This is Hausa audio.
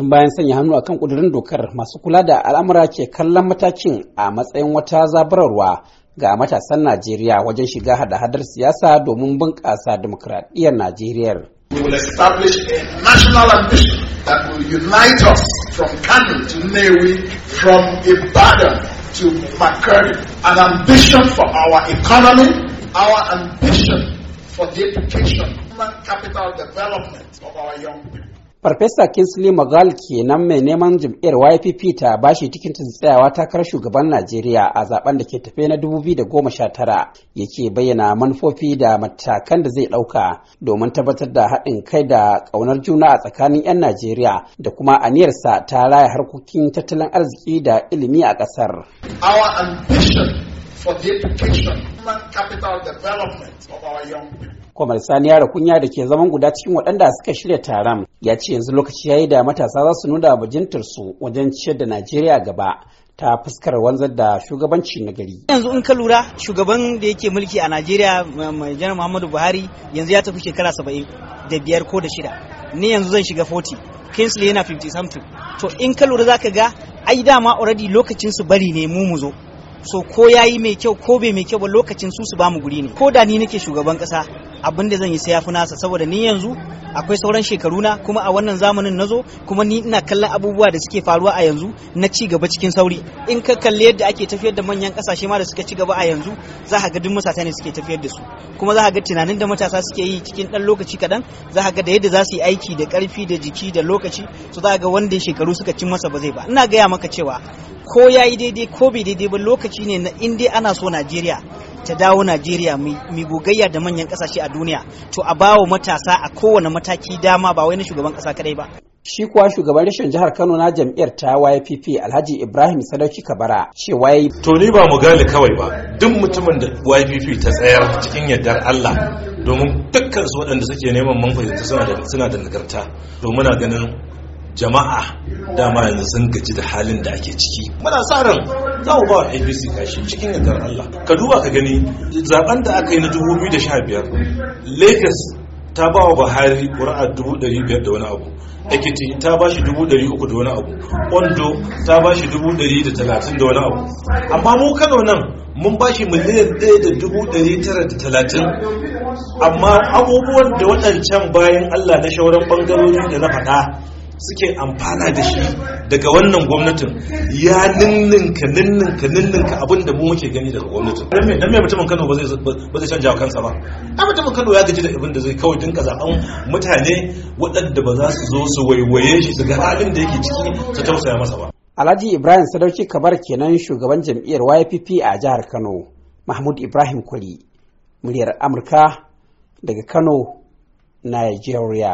tun bayan sanya hannu akan kudurin dokar masu kula da al'amura ke kallon matakin a matsayin wata zabararwa ga matasan najeriya wajen shiga hada-hadar siyasa domin bunƙasa dimokuraɗiyyar najeriya We will establish a national ambition that will unite us from Kano to Newe, from Ibadan to An ambition for our economy, our ambition for the education, human capital development of our young people. Farfesa Kinsley Magal kenan mai neman jam'iyyar YPP ta bashi tikitin tsayawa takarar shugaban Najeriya a zaben da ke tafe na 2019 yake bayyana manufofi da matakan da zai ɗauka domin tabbatar da haɗin kai da ƙaunar juna a tsakanin 'yan Najeriya da kuma aniyarsa ta raya harkokin tattalin arziki da ilimi a ƙasar. for the education human capital development of our young people. Kwamar Sani ya kunya da ke zaman guda cikin waɗanda suka shirya taron ya ce yanzu lokaci ya yi da matasa za su nuna bajintarsu wajen ciyar da Najeriya gaba ta fuskar wanzar da shugabanci na gari. Yanzu in ka lura shugaban da yake mulki a Najeriya mai janar Muhammadu Buhari yanzu ya tafi shekara saba'in da biyar ko da shida. Ni yanzu zan shiga 40, Kingsley yana 50 something. To in ka lura za ka ga ai dama already lokacin su bari ne mu mu zo. so ko yayi mai kyau ko bai mai kyau ba lokacin su su bamu guri ne ko da ni nake shugaban kasa abin da zan yi sai yafi nasa saboda ni yanzu akwai sauran shekaru na kuma a wannan zamanin nazo kuma ni ina kallon abubuwa da suke faruwa a yanzu na ci gaba cikin sauri in ka kalli yadda ake tafiyar da manyan kasashe ma da suka ci gaba a yanzu za ka ga duk matasa ne suke tafiyar da su kuma za ka ga tunanin da matasa suke yi cikin dan lokaci kadan za ka ga da yadda za su yi aiki da karfi da jiki da lokaci su za ka ga wanda shekaru suka cin masa ba zai ba ina gaya maka cewa ko yayi daidai ko bai daidai ba lokaci ne na in dai ana so Najeriya ta dawo Najeriya mai gogayya da manyan kasashe a duniya to a wa matasa a kowane mataki dama ba wai na shugaban kasa kadai ba Shi kuwa shugaban rashin jihar Kano na jam'iyyar ta YPP Alhaji Ibrahim Sadauki Kabara ce yayi To ni ba mu gane kawai ba duk mutumin da YPP ta tsayar cikin yardar Allah domin dukkan su waɗanda suke neman manfaita suna da nagarta to muna ganin jama'a dama yanzu sun gaji da halin da ake ciki muna sa ran za mu ba wa apc kashi cikin yardar allah ka duba ka gani zaben da aka yi na 2015 lagos ta ba wa buhari ƙura'a 500 da wani abu ekiti ta ba shi 300 da wani abu ondo ta ba shi 130 da wani abu amma mu kano nan mun ba shi miliyan 1,930 amma abubuwan da waɗancan bayan allah na shauran ɓangarori da na faɗa suke amfana da shi daga wannan gwamnatin ya ninninka ninninka ninninka abin da mu muke gani daga gwamnatin dan me mutumin Kano ba zai ba zai canja kansa ba dan mutumin Kano ya gaji da abin da zai kawai dinka zaɓan mutane waɗanda ba za su zo su waiwaye shi su ga halin da yake ciki su tausaya masa ba Alhaji Ibrahim Sadauki Kabar kenan shugaban jam'iyyar YPP a jihar Kano Mahmud Ibrahim Kwali muryar Amurka daga Kano Nigeria